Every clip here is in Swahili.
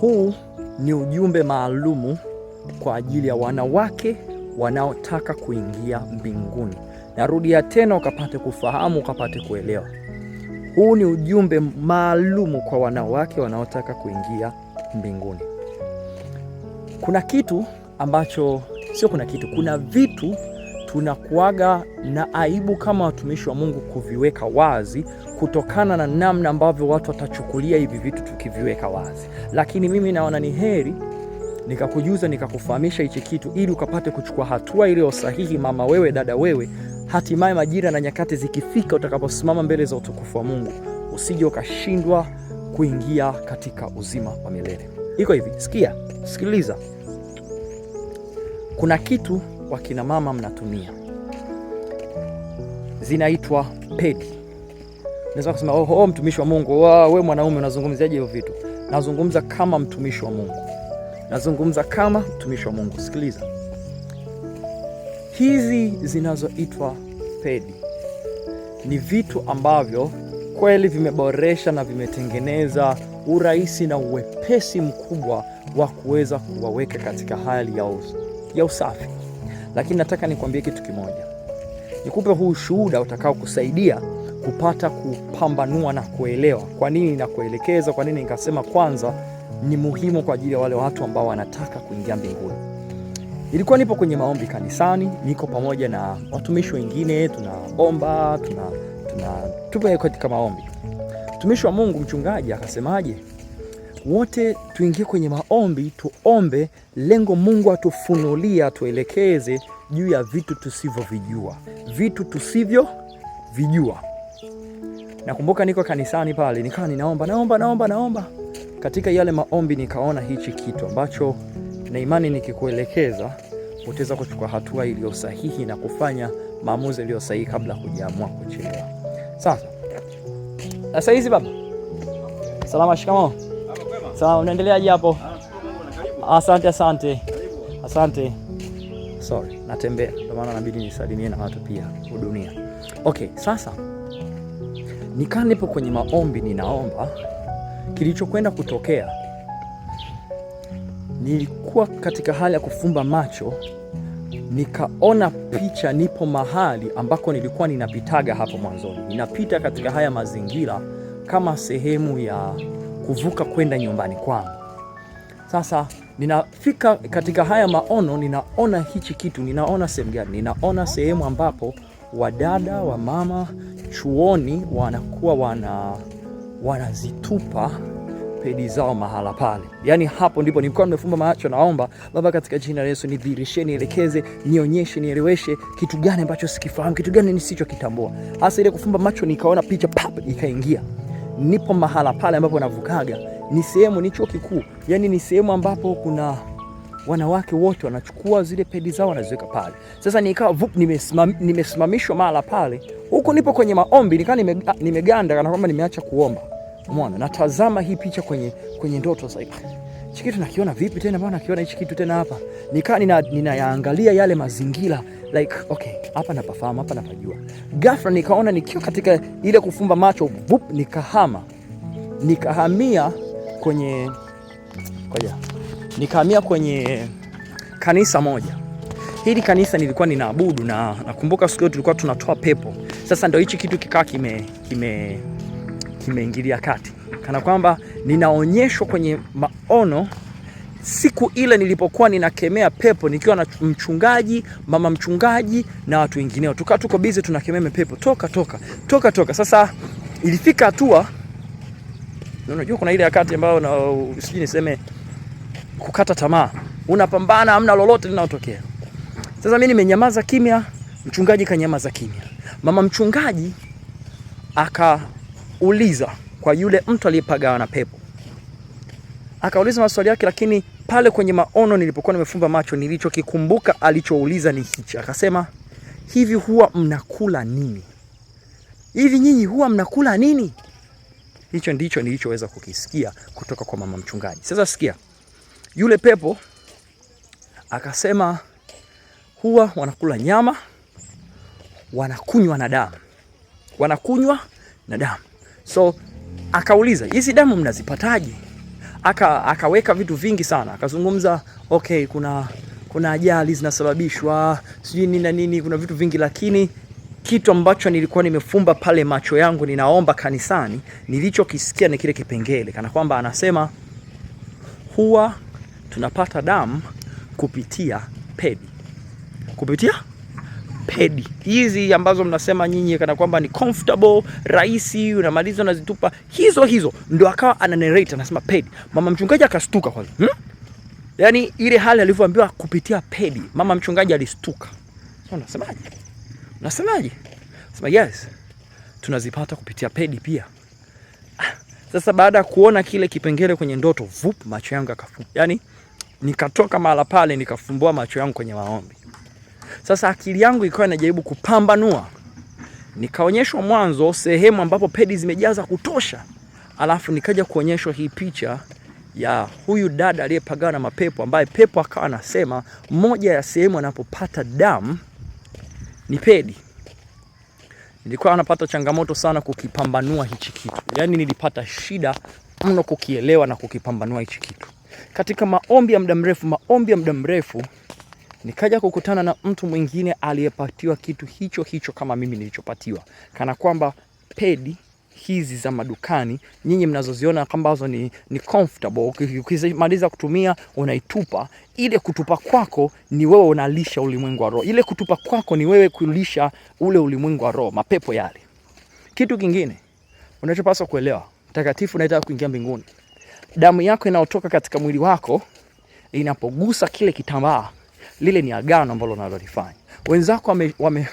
Huu ni ujumbe maalumu kwa ajili ya wanawake wanaotaka kuingia mbinguni. Narudia tena, ukapate kufahamu, ukapate kuelewa. Huu ni ujumbe maalumu kwa wanawake wanaotaka kuingia mbinguni. Kuna kitu ambacho sio, kuna kitu, kuna vitu tunakuaga na aibu kama watumishi wa Mungu kuviweka wazi kutokana na namna ambavyo watu watachukulia hivi vitu tukiviweka wazi, lakini mimi naona ni heri nikakujuza nikakufahamisha hichi kitu ili ukapate kuchukua hatua iliyo sahihi, mama wewe, dada wewe, hatimaye majira na nyakati zikifika, utakaposimama mbele za utukufu wa Mungu usije ukashindwa kuingia katika uzima wa milele. Iko hivi, sikia, sikiliza, kuna kitu wakina mama mnatumia zinaitwa pedi. Naweza kusema oh, oh, mtumishi wa Mungu wow, mwanaume unazungumziaje hiyo vitu? Nazungumza kama mtumishi wa Mungu, nazungumza kama mtumishi wa Mungu. Sikiliza, hizi zinazoitwa pedi ni vitu ambavyo kweli vimeboresha na vimetengeneza urahisi na uwepesi mkubwa wa kuweza kuwaweka katika hali ya usafi. Lakini nataka nikwambie kitu kimoja, nikupe huu shuhuda utakao kusaidia kupata kupambanua na kuelewa kwa nini nakuelekeza, kwa nini nikasema kwanza ni muhimu kwa ajili ya wale watu ambao wanataka kuingia mbinguni. Ilikuwa nipo kwenye maombi kanisani, niko pamoja na watumishi wengine, tunaomba tuna, tuna, tupo katika maombi. Mtumishi wa Mungu mchungaji akasemaje? wote tuingie kwenye maombi, tuombe lengo Mungu atufunulie, atuelekeze juu ya vitu tusivyovijua, vitu tusivyovijua. Nakumbuka niko kanisani pale, nikawa ninaomba naomba naomba naomba, katika yale maombi nikaona hichi kitu ambacho na imani nikikuelekeza utaweza kuchukua hatua iliyo sahihi na kufanya maamuzi yaliyo sahihi kabla hujaamua kuchelewa. Sasa sasa hizi baba salama, shikamoo. Sawa, unaendeleaje hapo? Asante, asante, asante. Sorry, natembea ndio maana nabidi nisalimie na watu pia dunia Okay, sasa nikaa nipo kwenye maombi, ninaomba. Kilichokwenda kutokea, nilikuwa katika hali ya kufumba macho, nikaona picha, nipo mahali ambako nilikuwa ninapitaga hapo mwanzoni, ninapita katika haya mazingira kama sehemu ya kuvuka kwenda nyumbani kwangu. Sasa ninafika katika haya maono, ninaona hichi kitu, ninaona sehemu gani? Ninaona sehemu ambapo wadada wa mama chuoni wanakuwa wana wanazitupa pedi zao mahala pale, yaani hapo ndipo nilikuwa nimefumba macho. Naomba Baba, katika jina la Yesu, nidhihirishe, nielekeze, nionyeshe, nieleweshe kitu gani ambacho sikifahamu, kitu gani nisichokitambua, hasa ile kufumba macho. Nikaona picha pap, ikaingia nipo mahala pale ambapo navukaga ni sehemu, ni chuo kikuu, yani ni sehemu ambapo kuna wanawake wote wanachukua zile pedi zao wanaziweka pale. Sasa nikawa vup, nimesimamishwa mahala pale, huku nipo kwenye maombi, nikawa nime, nimeganda kana kwamba nimeacha kuomba. Umeona, natazama hii picha kwenye, kwenye ndoto sasa hichi kitu nakiona vipi tena? Mbona nakiona hichi kitu tena hapa? Nikaa ninayaangalia nina yale mazingira like okay, hapa napafahamu, hapa napajua. Ghafla nikaona nikiwa katika ile kufumba macho vup, nikahama nikahamia kwenye koja, nikahamia kwenye kanisa moja. Hili kanisa nilikuwa ninaabudu, na nakumbuka siku hiyo tulikuwa tunatoa pepo. Sasa ndio hichi kitu kikaa kime kimeingilia kime kati kana kwamba ninaonyeshwa kwenye maono siku ile nilipokuwa ninakemea pepo nikiwa na mchungaji mama mchungaji na watu wengineo, tukaa tuko bize tunakemea pepo toka toka toka toka. Sasa ilifika hatua, unajua kuna ile wakati ambayo na sijui niseme kukata tamaa, unapambana, hamna lolote linalotokea. Sasa mimi nimenyamaza kimya, mchungaji kanyamaza kimya, mama mchungaji akauliza kwa yule mtu aliyepagawa na pepo. Akauliza maswali yake, lakini pale kwenye maono nilipokuwa nimefumba macho, nilichokikumbuka alichouliza ni hichi. Akasema, hivi huwa mnakula nini? Hivi nyinyi huwa mnakula nini? Hicho ndicho nilichoweza kukisikia kutoka kwa mama mchungaji. Sasa sikia, yule pepo akasema huwa wanakula nyama, wanakunywa na damu, wanakunywa na damu so akauliza hizi damu mnazipataje? Aka, akaweka vitu vingi sana, akazungumza okay, kuna kuna ajali zinasababishwa sijui nini na nini, kuna vitu vingi, lakini kitu ambacho nilikuwa nimefumba pale macho yangu ninaomba kanisani, nilichokisikia ni kile kipengele, kana kwamba anasema huwa tunapata damu kupitia pedi, kupitia hedi hizi ambazo mnasema nyinyi kana kwamba ni comfortable, rahisi, unamaliza unazitupa hizo hizo, ndo akawa ana narrate anasema pedi. Mama mchungaji akastuka kwanza hmm? Yani ile hali alivyoambiwa kupitia pedi, mama mchungaji alistuka. So, unasemaje? Unasemaje? Sema yes, tunazipata kupitia pedi pia. Ah, sasa baada ya kuona kile kipengele kwenye ndoto, vup, macho yangu akafu, yani nikatoka mahala pale nikafumbua macho yangu kwenye maombi. Sasa akili yangu ikawa inajaribu kupambanua, nikaonyeshwa mwanzo sehemu ambapo pedi zimejaza kutosha, alafu nikaja kuonyeshwa hii picha ya huyu dada aliyepagawa na mapepo, ambaye pepo akawa anasema moja ya sehemu anapopata damu ni pedi. Nilikuwa anapata changamoto sana kukipambanua hichi kitu, yaani nilipata shida mno kukielewa na kukipambanua hichi kitu. Katika maombi ya muda mrefu, maombi ya muda mrefu nikaja kukutana na mtu mwingine aliyepatiwa kitu hicho hicho kama mimi nilichopatiwa, kana kwamba pedi hizi za madukani nyinyi mnazoziona ambazo ni, ni comfortable, ukimaliza kutumia unaitupa. Ile kutupa kwako ni wewe unalisha ulimwengu wa roho, ile kutupa kwako ni wewe kulisha ule ulimwengu wa roho, mapepo yale. Kitu kingine unachopaswa kuelewa, mtakatifu unataka kuingia mbinguni, damu yako inayotoka katika mwili wako inapogusa kile kitambaa lile ni agano ambalo unalolifanya. Wenzako wame, wame,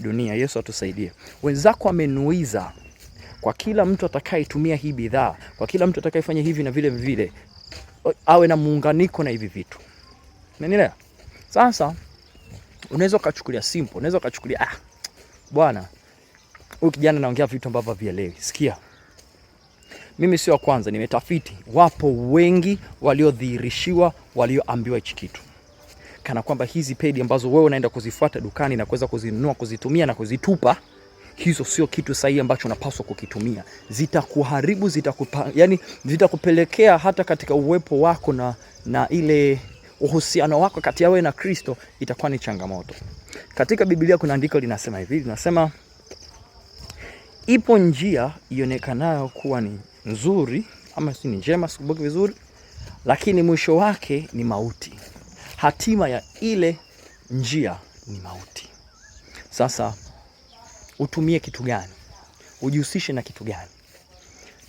dunia, Yesu atusaidie. Wenzako wamenuiza kwa kila mtu atakayetumia hii bidhaa, kwa kila mtu atakayefanya hivi na vile vile, awe na muunganiko na hivi vitu, unanielewa? Sasa unaweza ukachukulia simple, unaweza ukachukulia ah, bwana huyu kijana anaongea vitu ambavyo havielewi. Sikia, mimi sio wa kwanza, nimetafiti. Wapo wengi waliodhihirishiwa, walioambiwa hichi kitu kana kwamba hizi pedi ambazo wewe unaenda kuzifuata dukani na kuweza kuzinunua, kuzitumia na kuzitupa, hizo sio kitu sahihi ambacho unapaswa kukitumia. Zitakuharibu, zitakupa, yani zitakupelekea hata katika uwepo wako na, na ile uhusiano wako kati ya wewe na Kristo itakuwa ni changamoto. Katika Biblia kuna andiko linasema hivi, linasema ipo njia ionekanayo kuwa ni nzuri ama si ni njema, sikumbuki vizuri, lakini mwisho wake ni mauti hatima ya ile njia ni mauti. Sasa utumie kitu gani? Ujihusishe na kitu gani?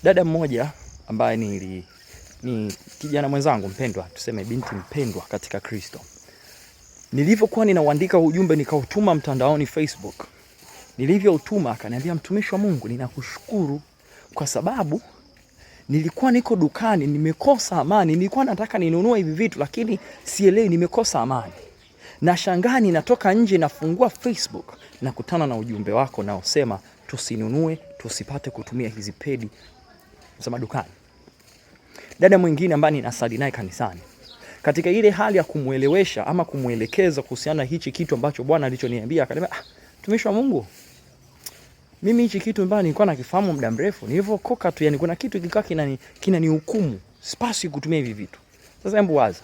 Dada mmoja ambaye ni, ni kijana mwenzangu mpendwa, tuseme binti mpendwa katika Kristo, nilivyokuwa ninauandika ujumbe nikautuma mtandaoni Facebook, nilivyoutuma akaniambia, mtumishi wa Mungu, ninakushukuru kwa sababu nilikuwa niko dukani, nimekosa amani. Nilikuwa nataka ninunue hivi vitu, lakini sielewi, nimekosa amani. Nashangaa ninatoka nje, nafungua Facebook nakutana na ujumbe wako naosema tusinunue, tusipate kutumia hizi pedi za madukani. Dada mwingine ambaye ninasali naye kanisani, katika ile hali ya kumwelewesha ama kumwelekeza kuhusiana na hichi kitu ambacho Bwana alichoniambia, akaniambia ah, tumishi wa Mungu mimi hichi kitu ambacho nilikuwa nakifahamu muda mrefu, nilivyokoka tu, yani kuna kitu kikaa kinani hukumu, sipasi kutumia hivi vitu. Sasa hebu waza,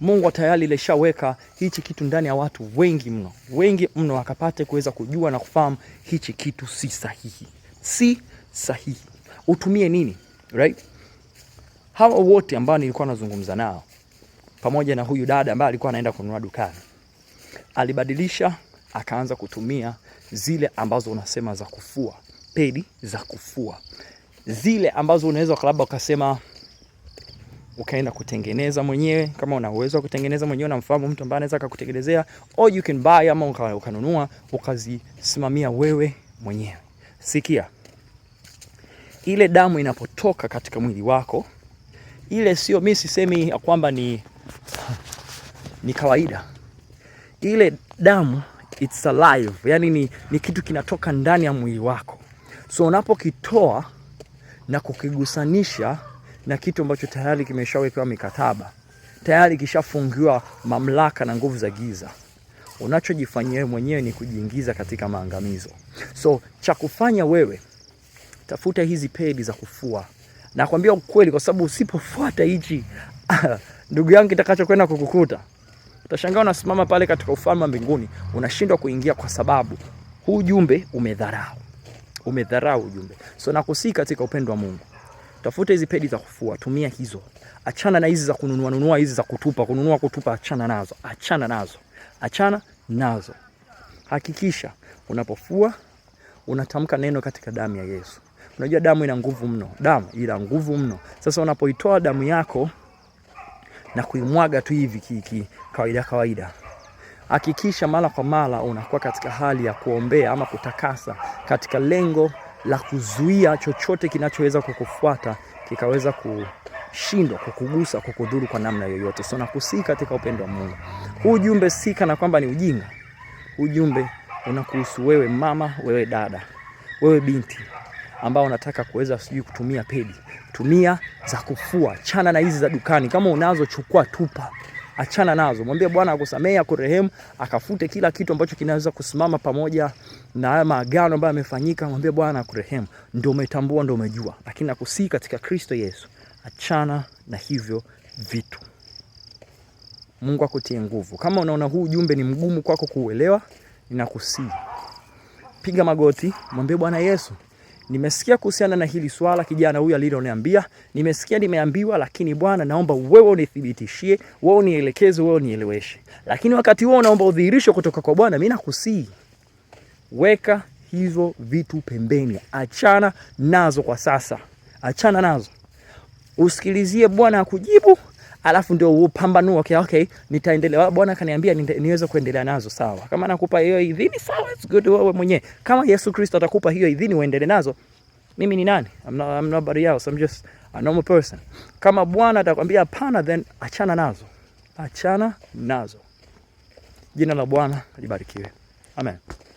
Mungu tayari alishaweka hichi kitu ndani ya watu wengi mno, wengi mno, akapate kuweza kujua na kufahamu hichi kitu si sahihi, si sahihi, utumie nini right? Hawa wote ambao nilikuwa nazungumza nao pamoja na huyu dada ambaye alikuwa anaenda kununua dukani alibadilisha akaanza kutumia zile ambazo unasema za kufua, pedi za kufua, zile ambazo unaweza labda ukasema ukaenda kutengeneza mwenyewe, kama una uwezo wa kutengeneza mwenyewe, unamfahamu mtu ambaye anaweza akakutengenezea, or you can buy, ama ukanunua ukazisimamia wewe mwenyewe. Sikia, ile damu inapotoka katika mwili wako, ile sio, mi sisemi ya kwamba ni, ni kawaida ile damu it's alive, yani ni, ni kitu kinatoka ndani ya mwili wako. So unapokitoa na kukigusanisha na kitu ambacho tayari kimeshawekewa mikataba, tayari kishafungiwa mamlaka na nguvu za giza, unachojifanyia wewe mwenyewe ni kujiingiza katika maangamizo. So cha kufanya wewe, tafuta hizi pedi za kufua. Nakwambia ukweli, kwa sababu usipofuata hichi ndugu yangu, kitakachokwenda kukukuta Utashangaa unasimama pale katika ufalme wa mbinguni unashindwa kuingia kwa sababu huu ujumbe umedharau, umedharau ujumbe. So nakusii katika upendo wa Mungu, tafuta hizi pedi za kufua, tumia hizo, achana na hizi za kununua nunua, hizi za kutupa kununua kutupa, achana nazo, achana nazo, achana nazo. Hakikisha unapofua unatamka neno katika damu ya Yesu. Unajua damu ina nguvu mno, damu ina nguvu mno. Sasa unapoitoa damu yako na kuimwaga tu hivi kiki kawaida kawaida. Hakikisha mara kwa mara unakuwa katika hali ya kuombea ama kutakasa katika lengo la kuzuia chochote kinachoweza kukufuata kikaweza kushindwa kukugusa, kukudhuru kwa namna yoyote. So nakusii katika upendo wa Mungu, huu ujumbe si kana kwamba ni ujinga. Ujumbe unakuhusu wewe mama, wewe dada, wewe binti ambao unataka kuweza sijui kutumia pedi, tumia za kufua, chana na hizi za dukani. Kama unazo chukua, tupa, achana nazo, mwambie Bwana akusamehe, akurehemu, akafute kila kitu ambacho kinaweza kusimama pamoja na haya maagano ambayo yamefanyika. Mwambie Bwana akurehemu, ndio umetambua, ndio umejua, lakini nakusii katika Kristo Yesu, achana na hivyo vitu. Mungu akutie nguvu. Kama unaona huu ujumbe ni mgumu kwako kuuelewa, ninakusii piga magoti, mwambie Bwana Yesu nimesikia kuhusiana na hili swala, kijana huyu aliloniambia, nimesikia, nimeambiwa, lakini bwana, naomba wewe unithibitishie, wewe unielekeze, wewe unieleweshe. Lakini wakati huo naomba udhihirisho kutoka kwa Bwana. Mimi nakusii, weka hizo vitu pembeni, achana nazo kwa sasa, achana nazo, usikilizie Bwana akujibu alafu ndio upambanue okay, okay, nitaendelea. Bwana kaniambia niweze kuendelea nazo, sawa. Kama nakupa hiyo idhini, sawa, it's good, wewe mwenyewe. Kama Yesu Kristo atakupa hiyo idhini uendelee nazo, mimi ni nani? I'm not, I'm nobody else, I'm just a normal person. Kama Bwana atakwambia hapana, then achana nazo, achana nazo. Jina la Bwana libarikiwe, amen.